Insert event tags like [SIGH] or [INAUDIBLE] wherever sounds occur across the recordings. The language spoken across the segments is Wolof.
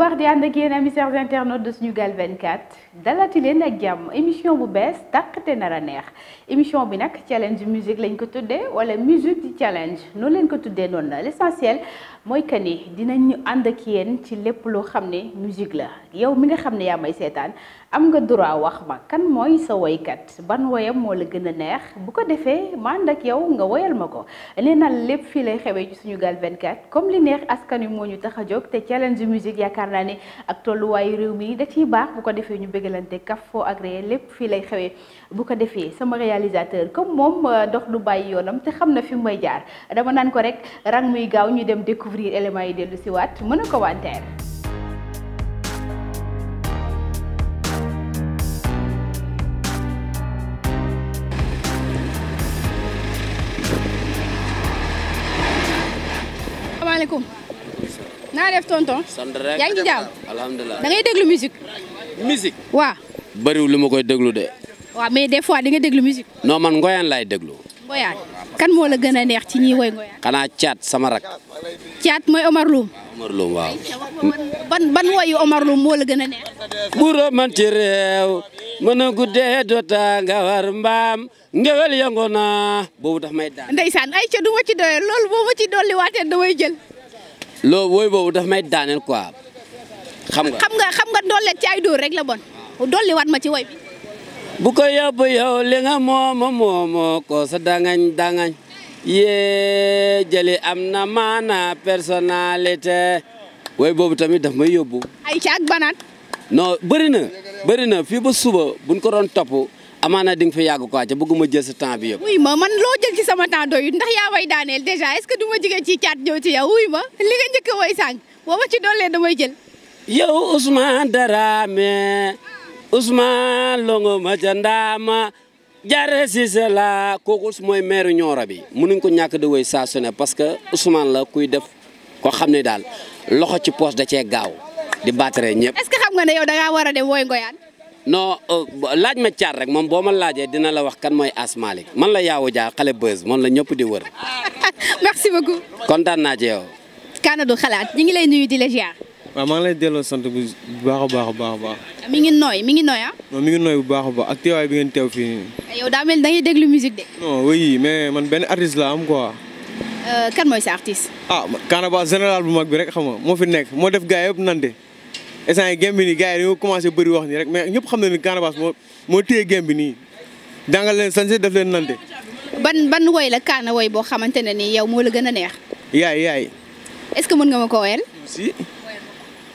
baax di ànd ak yéen amis chers internautes de Sunugal 24 dalati leen ak jàmm émission bu bees tàqte nar a neex émission bi nag challenge musique lañ ko tuddee wala musique di challenge noonu leen ko tuddee noonu la l' essentiel mooy que ni dinañu ànd ak yéen ci lépp loo xam ne musique la yow mi nga xam ne yaa may seetaan am nga droit wax ma kan mooy sa woykat ban woyam moo la gën a neex bu ko defee ma ak yow nga woyal ma ko nee na lépp fii lay xewee ci suñu gaal 24 comme li neex askan wi moo ñu tax a jóg te challenge yaakaar naa ne ak tolluwaayu réew mi da ciy defee ñu bëgg jëlante kaf foo agréé lépp fii lay xewee bu ko defee sama réalisateur comme moom euh, dox du bàyyi yoonam te xam na fi may jaar dama naan ko rek rang muy gaaw ñu dem découvrir éléments yi dellu si waat mën a ko wanteer yaa ngi ci jàmm. déglu musique. musique waaw. bëriwul lu ma koy déglu de. waaw mais des fois di nga déglu musique. non man ngoyaan laay déglu. ngoyaan kan moo la gën a neex ci ñiy woy ngoyaan. xanaa caat sama rak. caat mooy Omar Loum. Omar Loum waaw. ban ban Omar Loum moo la gën a neex. buuroo man ci réew mën a guddee doota nga war mbaam ngewel yango na boobu daf may daan. ndeysaan ay ci doyee loolu boo ma ci dolliwaatee damay jël. may daaneel quoi. xam nga xam nga xam nga doole ci ay dóor rek la bon dolli wat ma ci woy bu ko yóbbu yow li nga moomo moomo ko sa dangañ dangañ yee jëli am na maana personnalité woy boobu tamit daf may yóbbu ay ci ak banaat non bëri na bëri na fii ba suba buñ ko doon topp amaana di nga fi yàgg quoi ca bëgguma jël sa temps bi yëpp. wuy ma man loo jël ci sama temps doyut ndax yaa way daaneel déjà est que du ma jigéen ci caat ñëw ci yow wuy ma li nga njëkk a woy sànq boo damay jël. yow Ousmane Darame Ousmane Longo ma ca Ndaama Diarra Cissé la kooku mooy maire Nioro bi mënuñ ko ñàkk di woy saasune parce que Ousmane la kuy def koo xam ne daal loxo ci poche da cee gaaw di battre ñëpp. est xam nga ne yow da ngaa war a dem woy ngoyaan. non euh, laaj ma caar rek moom boo ma laajee dina la wax kan mooy As Malick man la yaawu jaa xale bës man la ñëpp di wër. [LAUGHS] merci beaucoup. kontaan naa ci yow. Kaana du xalaat ñu ngi lay nuyu di la ziar. waaw maa ngi lay delloo sant bu baax a baax a baax a baax. mi ngi nooy mi ngi nooy ah. non mi ngi nooy bu baax a baax ak teewaay bi ngeen teew fii nii. yow daa mel ni da ngay déglu musique de. non oui mais man benn artiste la am quoi. Euh, kan mooy sa artiste. ah Kanaba général bu mag bi rek xam nga moo fi nekk moo def gars yëpp nante instant yi game bi nii gars yi dañoo commencé bëri wax nii rek mais ñëpp xam na ni Kanaba moo moo téye game bi nii jàngal leen sañse def leen nante. ban ban woy la Kaana woy boo xamante ne ni yow moo la gën a neex. yaay yaay. est-ce que mën nga ma ko woyal. si.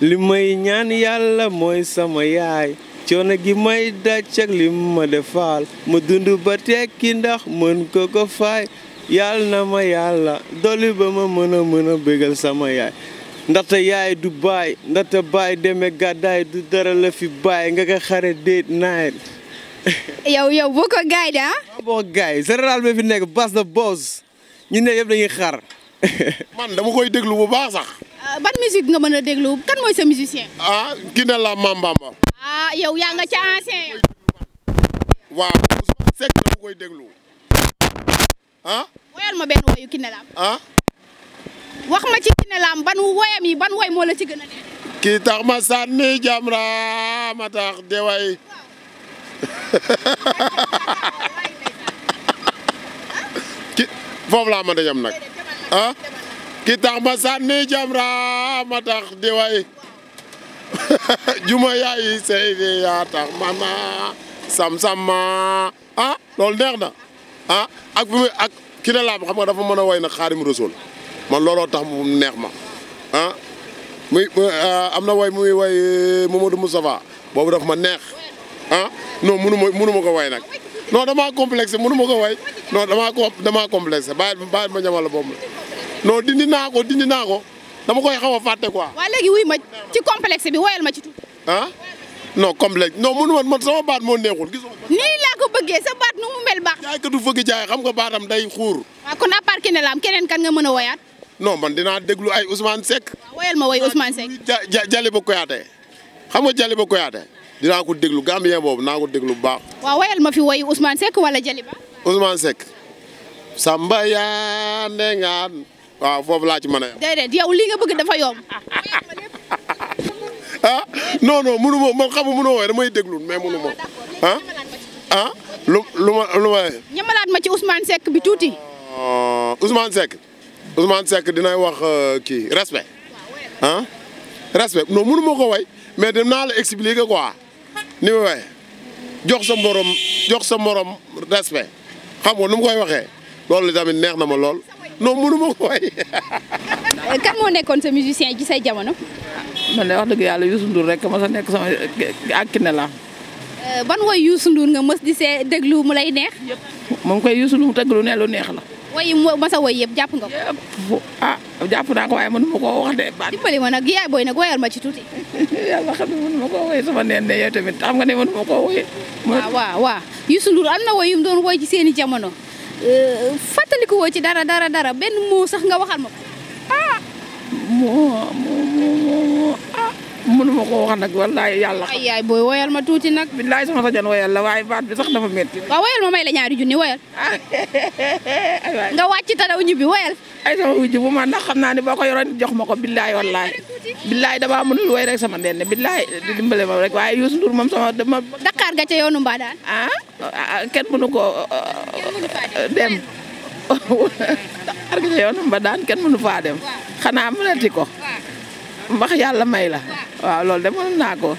li may ñaan yàlla mooy sama yaay coono gi may daj ak li ma defaal ma dund ba tekki ndax mën ko ko faay yàlla na ma yàlla dolli ba ma mën a mën a bégal sama yaay ndaxte yaay du baay ndaxte baay demee gàddaay du dara la fi baay nga ko xare déet naayet [LAUGHS] yow yow boo ko gaay de boo gaay général bi fi nekk bas na boos ñu ne yëpp dañuy xar [LAUGHS] man dama koy déglu bu baax sax ban musique nga mën a kan mooy sa musicien. ah kii na ah yow yaa nga ca ancien. waaw Ousmane Seck la koy déglu ah. woyal ma benn woyu kii ah. wax ma ci kii ban woyam yi ban woy moo la ci gën a kii tax ma sànni jamra ma tax de [LAUGHS] ki foofu laa mën a yem nag ah. ki tax ma sànni jamra ma tax di way [LAUGHS] juma yaay Seydi yaa tax mana sam-sam ma ah loolu neex na ah ak bi muy ak ki ne laam xam nga dafa mën a way nag Xaadimu Rasuul man looloo tax mu neex ma ah muy ah, am na way muy way eh, Mamadou Moustapha boobu daf ma neex ah non munu ma munu ma ko way nag non damaa complexé munu ma ko way non damaa ko damaa complexé bàyyi bàyyi ma ñamal la boobu non dindi naa ko dindi naa ko dama koy xaw a fàtte quoi. waaw léegi wuy ma ci complexe bi woyal ma ci tuuti. ah non complexe non mënu woon man sama baat moo neexul gisoo. nii laa ko bëggee sa baat nu mu mel baax. jaay katu fëgg jaay xam nga baatam day xuur. waaw kon à part Kiné Lam keneen kan nga mën a woyaat. noo man dinaa déglu ay Ousmane sek waaw woyal ma woy Ousmane Seck. ja ja Jaliba Koyaate xam nga dinaa ko déglu Gambien boobu naa ko déglu bu baax. waaw woyal ma fi woy Ousmane Seck wala Jaliba. Ousmane Seck. Samba yaa ne waaw foofu laa ci mën a. déedéet yow li nga bëgg dafa yomb. [LAUGHS] ah non non mënu ma xamu mënu ma waaye damay déglu mais mënu ma ah ah lu lu ma lu ñamalaat ma ci Ousmane Seck bi tuuti. Oh, Ousmane Seck Ousmane Seck dina wax euh, ki respect ah respect non mënu ma ko way mais dem naa la expliquer ko ni ma way jox sa morom jox sa morom respect xam nga nu mu koy waxee loolu tamit neex na ma lool. non mënu ma ko way [LAUGHS] kan moo nekkoon sa musicien ji say jamono. man de wax dëgg yàlla Youssou Ndour rek ma sa nekk sama ak Kiné la euh, ban woy Youssou Ndour nga mës di see déglu mu lay neex. yëpp moom koy Youssou Ndour déglu ne lu neex la. woy masa woy yëpp jàpp nga ko. Ah, jàpp naa ko waaye ma nu wax de. dimbali ma nag yaay booy nag ma ci tuuti. [LAUGHS] yàlla xam ne mënu ma koo woy sama neen ne yow tamit xam nga ne mënu ma koo woy. Ah, waaw waaw am na woy yu mu doon woy ci seeni jamono. Euh, fàttaliku woo ci dara dara dara benn moo sax nga waxal ma ko ah moo moo moo mënuma koo wax nag wallaay yàlla. ay yaay booy woyal ma tuuti nag. billaay soxna Sadiane woyal la waaye baat bi sax dafa métti. waaw woyal ma may la ñaari junni woyal. [LAUGHS] nga wàcc te daw ñibbi woyal. ay sama wujju bu ma ndax xam naa ne boo ko yoroon jox ma ko billaay wallaay. billaay damaa mënul woy rek sama ndenne billaay di dimbale ma rek waaye moom sama dama. Dakar ga ca yoonu Mbadaan. Ah? ah kenn mënu ko dem. Dakar ga ca kenn mënu faa dem. [LAUGHS] xanaa mënati ko. max yàlla may la waaw loolu de moo naa ko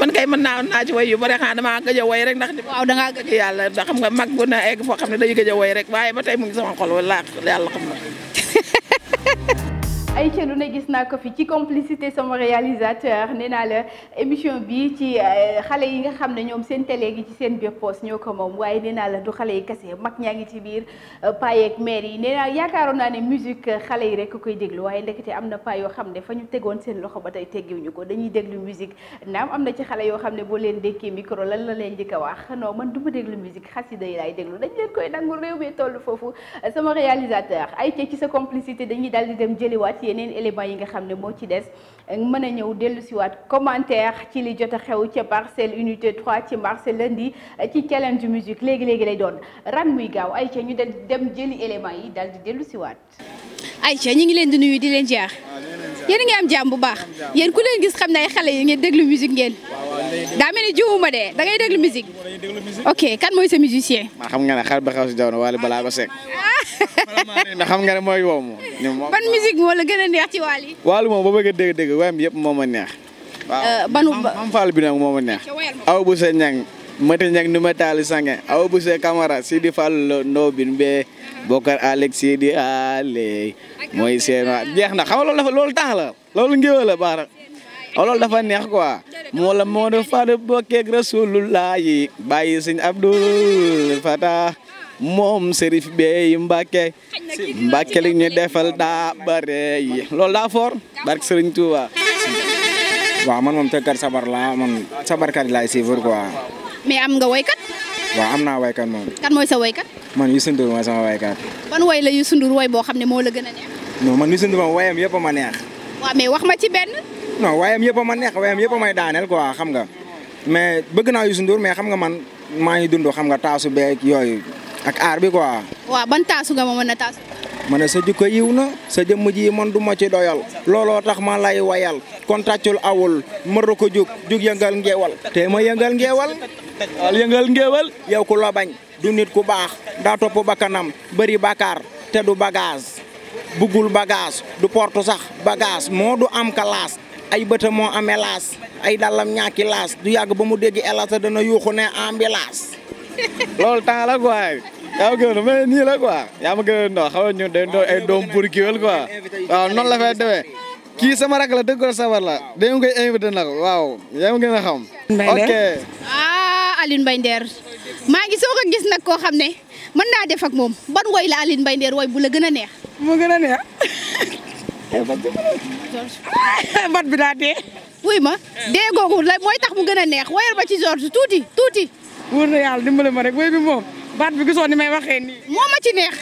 man kay mën na naa ci way yu bare xanaa damaa gëj a way rek ndax. waaw dangaa yàlla ndax xam nga mag bu na egg foo xam ne day gëj a way rek waaye ba tey mu ngi sama xol wala yàlla xam na. ay ca lu ne gis naa ko fi ci complicité sama réalisateur nee naa la émission bi ci euh, xale yi nga xam ne ñoom seen télé gi ci seen biir poos ñoo ko moom waaye nee naa la du xale yi kase mag ñaa ngi ci biir euh, payeeg maire yi nee naa yaakaaroon naa ne musique euh, xale yi rek koy déglu waaye ndekete am na paa yoo xam ne fa ñu tegoon seen loxo ba tey teggiwuñu ko dañuy déglu musique naam am na ci xale yoo xam ne boo leen dékkee micro lan la leen njëkk waa wax non man du ma déglu musique xasida yi laay déglu dañ leen koy nangul réew mi toll foofu sama réalisateur ay ca ci sa complicité dañuy daal di dem jëliwaat yeneen éléments yi nga xam ne moo ci des mën a ñëw dellu siwaat commentaire ci li jot a xew ca parcelle unité 3 ci marché lundi ci challenge musique léegi-léegi lay doon ran muy gaaw ay ci ñu del dem jëli éléments yi daal di dellu siwaat ay ca ñu ngi leen di nuyu di leen jaar yéen a ngi am jàmm bu baax yéen ku leen gis xam ne xale yi ngeen déglu musique ngeen daa mel ni jiwuma de da ngay déglu musique. ok kan mooy sa musicien. man xam nga ne xar ba xaw si jaw na balaa ko Seck. na ah. xam nga ne mooy woomu. ban musique moo la gën a neex ci Wally. Wally moom ba boo bëggee dégg-dégg waaye yëpp moom a neex. waaw euh, banu Mame Fall bi nag moo ma neex. aw bu sa ñang mati ñang ni ma taali sange aw bu sa camara si di Fall ndoo bin bee bokkar Alex si di ale mooy seen waa jeex na xam lool loolu dafa loolu tax la loolu dafa neex quoi moo la moo da fada bokkeeg rasulullah yi bàyyi sëñ Abdul Fatah moom sërif bey Mbàkke Mbàkke li ñu defal daa bare yi loolu daa foor barke sëriñ Tuuba waaw man moom tëggkat sabar laa man sabarkat laay suivre quoi mais am nga woykat waaw am naa woykat moom kan mooy sa woykat man Youssou Ndour mooy sama woykat ban woy la Youssou Ndour woy boo xam ne moo la gën a neex non man Youssou Ndour moom woyam yëpp ma neex waaw mais wax ma ci benn non waayam yëpp a ma neex waayam yëpp a may daaneel quoi xam nga mais bëgg naa Youssou Ndour mais xam nga man maa ngi dund xam nga taasu beeg yooyu ak aar bi quoi. waaw ban taasu nga ma mën a taasu. ma ne sa jikko yiw na sa jëmm ji man du ma doyal looloo tax ma lay wayal kon tàccul awul mëru ko jug jug yëngal ngeewal te ma yëngal ngeewal wal yëngal ku la du nit ku baax daa topp bakkanam bëri bakaar te du bagage buggul bagage du porte sax bagage moo du am kalaas ay bëta moo laas ay dàllam ñaaki laas du yàgg ba mu dégg elasa dana yuuxu ne ambulance loolu temps la quoi yaa ma gën mais nii la quoi yaa ma gën non xaw ñu doom pour kiwel quoi waaw noonu la fay demee sama rak la dëgg sabar la dañu koy invité nag waaw yaa ma gën a xam ok ah Alioune Mbaye Nder maa ngi soog a gis nag koo xam ne mën naa def ak moom ban woy la Alioune Mbaye woy bu la gën a neex mu gën a neex [LAUGHS] bat bi daa dee. wuy ma dee googu la mooy tax mu gën a neex wayal ba ci George tuuti tuuti. wóor na yàlla dimbale ma rek wéy bi moom baat bi gisoon ni may waxee nii. moo ci neex.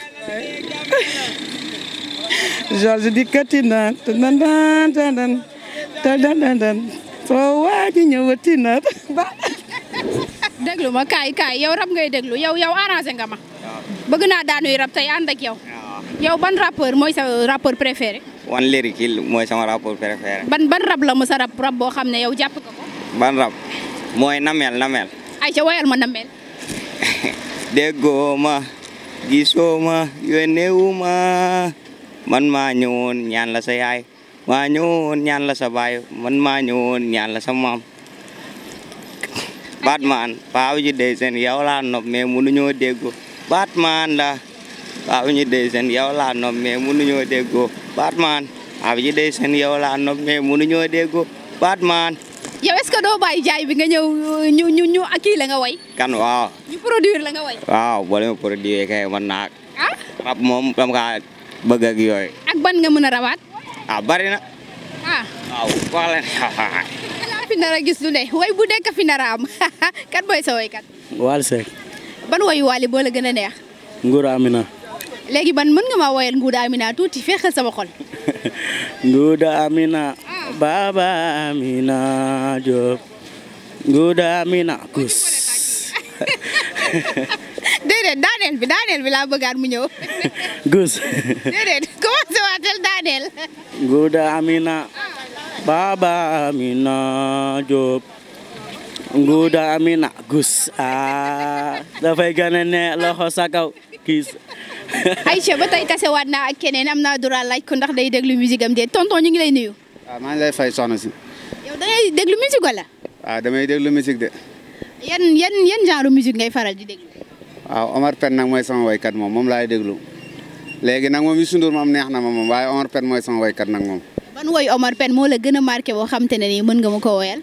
George dikkati na te dan dan dan dan te dan dan dan soo waaji ñëwati na ba. déglu ma kaay kaay yow rap ngay déglu yow yow arrangé nga ma. bëgg naa daanuy rap tey ànd ak yow. Ah. yow ban rappeur mooy sa rappeur préféré. wan léri kii mooy sama rapport préféré. ban ban rab la mos a rab rab boo xam ne yow jàpp nga ko. ban rab mooy namel namel. ayca woyal ma namel. [LAUGHS] déggoo ma gisoo ma yónneewu ma man maa ñëwoon ñaan la sa yaay ma ñëwoon ñaan la sa baay man maa ñëwoon ñaan la sa maam. Batman faaw ji dey seen yow laa nopp mais munuñoo déggoo Batman la. waaw ñu dey seen yow laa nopp mais mënuñoo déggoo Batman waaw Batman. yow est-ce que doo bàyyi bi nga ñëw ñu ñu la nga way. kan waaw. ñu produire la nga way. waaw boo leen produire kay mën naa. rab ah? moom dama kaa bëgg ak ban nga mën a rabaat. Ah, na. ah waaw wax la ne fi nar a gis lu ne [LAUGHS] gën neex. Nguur Amina. léegi ban mën nga maa woyal Nguuda Amina tuuti feexal sama xol. [LAUGHS] Nguuda Amina. Baba Amina Diop. Nguuda Amina Gus. [LAUGHS] déedéet daaneel bi daaneel bi laa mu ñëw. Gus. [LAUGHS] déedéet commencé waatal daaneel. Nguuda Amina. Baba Amina Diop. Nguuda Amina Gus. ah dafay gën a ne loxo sa kaw [LAUGHS] Aïcha ba tey tasewaat naa ak keneen am na droit laaj ko day day lu musique am de tonton ñu ngi lay nuyu. waaw ah, maa ngi lay fay soxna si. yow da ngay déglu musique wala. waaw ah, damay déglu musique de. yan yan yan genre musique ngay faral di déglu. waaw ah, Omar Pène nag mooy sama waykat moom moom laay déglu léegi nag moom Youssou Ndour moom neex na ma moom waaye Omar Pène mooy sama waykat nag moom. ban woy Omar Pène moo la gën a marqué boo xam te ne mën nga ma ko woyal.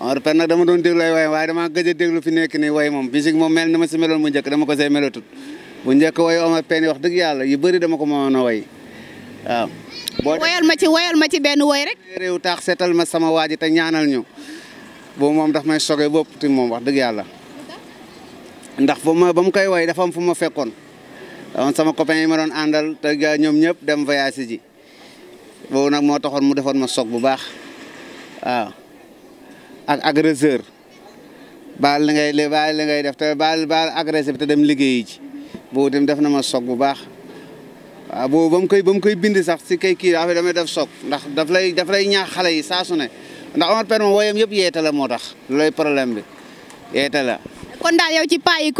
Omar Pène nag dama doon déglu ay waay waaye damaa gëj a déglu fi nekk nii way moom musique moom mel ni ma si meloon mu njëkk dama ko see melatut bu njëkk way Omar Pène wax dëgg yàlla yu bëri dama ko mënoon a way waaw. ci woyal ma ci benn woy rek. réew taax seetal ma sama waaji te ñaanal ñu boobu moom daf may soge bopp ti moom wax dëgg yàlla ndax fu ma ba mu koy way dafa am fu ma fekkoon amoon sama copain yi ma doon àndal te ñoom ñëpp dem voyage ji boobu nag moo taxoon mu defoon ma soog bu baax ak agresseur baal li ngay baal li ngay def te baal baal bi te dem liggéeyi ji boobu dem def na ma soog bu baax waaw boobu ba koy ba koy bind sax si kay kii dafa damay def soog ndax daf lay daf lay ñaax xale yi saa su ne ndax Omar Pène moom yëpp yeete la moo tax looy problème bi yeete la. kon daal yow ci paa yi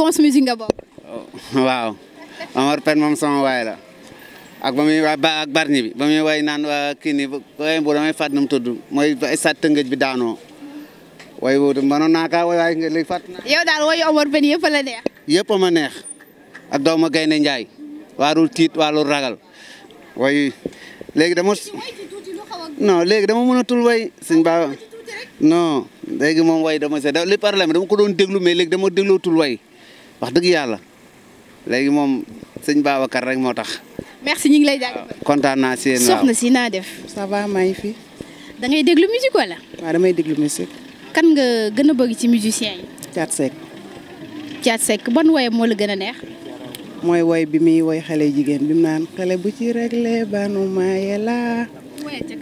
nga bokk. [LAUGHS] waaw Omar Pène moom sama waay la ak ba ba barni bi ba way naan kii nii bu damay fàtt na mu tudd mooy stade Tëngéej bi daano waaye woo mënoon naa kaa way waaye léegi fàtt naa. yow daal wayu Omar Ben yëpp la neex. yëpp a ma neex ak doomu Gaynde Njaay waarul tiit waarul ragal way léegi dama. non léegi dama mënatul way sëñ Ba non léegi moom waaye dama se li problème dama ko doon déglu mais léegi dama déglootul way wax dëgg yàlla léegi moom sëñ Babacar rek moo tax. merci ñu ngi lay ah, kontaan naa si yéen naa def. ça va maa ngi fi. da ngay déglu musique wala. waaw damay déglu musique. kan nga gën a bëgg ci musicien yi. Thiat Seck. Thiat Seck ban woyam moo la gën a neex. mooy woy bi muy woy xale jigéen bi mu naan xale bu ci réglé banu maaye laa.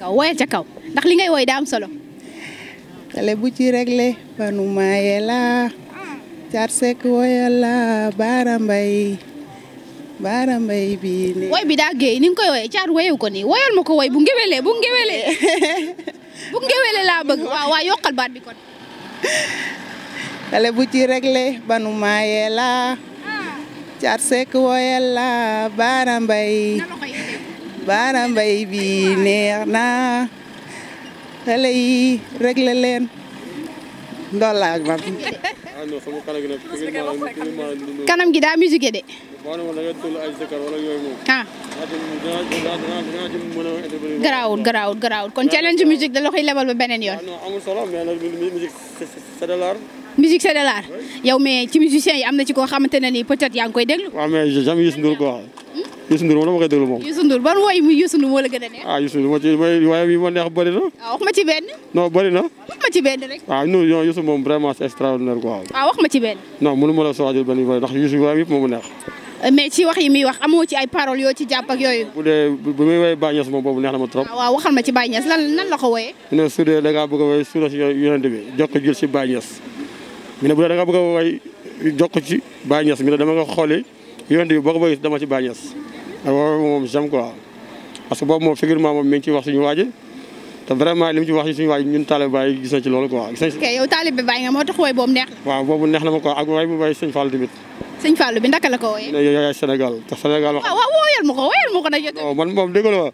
kaw woyal ca kaw ndax li ngay woy daa am solo. xale bu ci réglé banu maaye laa. Thiat Seck woyal laa Baara Mbaye Baara Mbaye bii. woy bi daa géey ni koy woyee Thiat woyewu ko nii woyal ma ko woy bu ngéwélee bu ngéwélee. [LAUGHS] bu ngewele laa bëgg [LAUGHS] waaw waaw yokkal baat bi kon. xale bu ci réglé banu maayee laa. Ah. caat sekk wooyee laa baara mbay. baara mbay bi neex naa. xale yi réglé leen. ndolla [LAUGHS] kanam gi daa musique de. maanaam da ngay tull ay Dakar wala yooyu moom. ah. garaawul garaawul garaawul kon challenge musique da la koy lebal ba beneen yoon. Ah, non amul solo mais nag musique c'est de l'art. musique c'est de l'art yow mais ci musiciens yi am na ci koo xamante ne nii peut-être yaa ngi koy déglu. waaw mais j'aime Youssou Ndour quoi. Hmm? Youssou Ndour moom la ma koy déglu moom. Youssou Ndour ban woy mu Youssou Ndour moo la gën a neex. ah Youssou Ndour ma ci may waaye bi ma neex bëri na. ah wax ma ci benn. non bëri na. wax ma ci benn rek. ah non non Youssou moom vraiment c'est extraordinaire quoi. ah wax ma ci benn. non mënu ma la soxla benn yu bëri ndax Youssou waaye yëpp moom mu neex. Euh, mais ci wax yi muy wax amoo ci ay paroles yoo ci jàpp ak yooyu. bu dee bu muy woy Baye Niass moom boobu neex na ma trop. Ah, waaw ma ci Baye Niass lan lan la ko woyee. mu ne su dee da ngaa a woy ne bu dee a woy jox ko ci Baye mi ne dama nga xooli yonent bi boo ko bëggee ci Baye Niass ah, wax suñu waaj li mu ci wax suñu waaj ñun taalibe Baye gis na ci loolu quoi. gis nañ ak woy bu woy Sëñ Fall tamit sëñ Fallou bi ndaka la ko wooyee. ne yow yaay ah, wooyal ma ko wooyal ma ko man moom dégg nga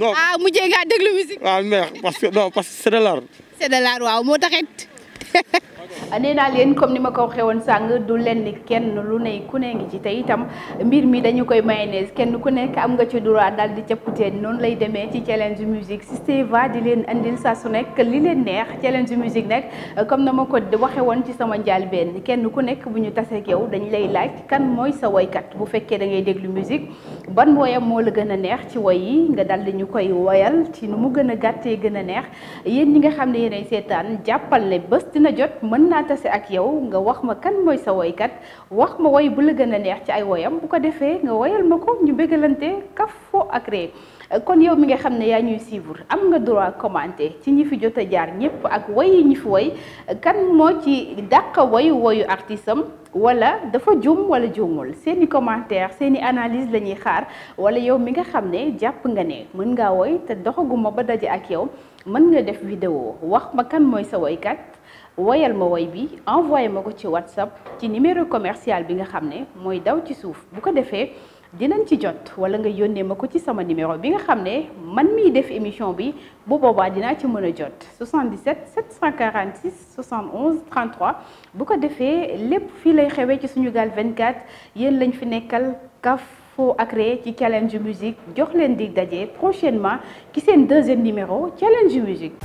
non ah mujjee ngaa déglu musique. waaw ah, mais parce que non parce que moo taxit. [LAUGHS] Ah, nee naa leen comme ni ma ko waxee woon sàng du leen ni kenn lu ne ku ne ngi ci te itam mbir mi dañu koy mayonnaise kenn ku nekk am nga ci droit daal di capputeen noonu lay demee ci challenge musique Steva di leen andil saa su nekk li leen neex challenge musique nag comme na ma ko waxee woon ci sama njaal benn kenn ku nekk bu ñu tasee yow dañ lay laaj kan mooy sa woykat bu fekkee da ngay déglu musique ban woyam moo la gën a neex ci woy yi nga daal di koy woyal ci nu mu gën a gàttee gën a neex yéen ñi nga xam ne yéenay seetaan jàppal ne bés dina jot mën naa tase ak yow nga wax ma kan mooy sa woykat wax ma woy bu la gën a neex ci ay woyam bu ko defee nga woyal ma ko ñu bégalante kaf foo ak ree kon yow mi nga xam ne yaa ñuy suivre am nga droit commenter ci ñu fi jot a jaar ñëpp ak woy yi ñi fi woy kan moo ci dàq woy woyu artiste am wala dafa juum wala juumul seeni commentaire seeni analyse la ñuy xaar wala yow mi nga xam ne jàpp nga ne mën ngaa woy te doxaguma ba daje ak yow mën nga def vidéo wax ma kan mooy sa woykat woyal ma woy bi envoyé ma ko ci whatsapp ci numéro commercial bi nga xam ne mooy daw ci suuf bu ko defee dinañ ci jot wala nga yónnee ma ko ci sama numéro bi nga xam ne man mi def émission bi bu boobaa dinaa ci mën a jot 77 746 71 33 bu ko defee lépp fii lay xewee ci Sunugal 24 yéen lañ fi nekkal kaf foo ak ree ci challenge musique jox leen di daje prochainement ki seen deuxième numéro challenge musique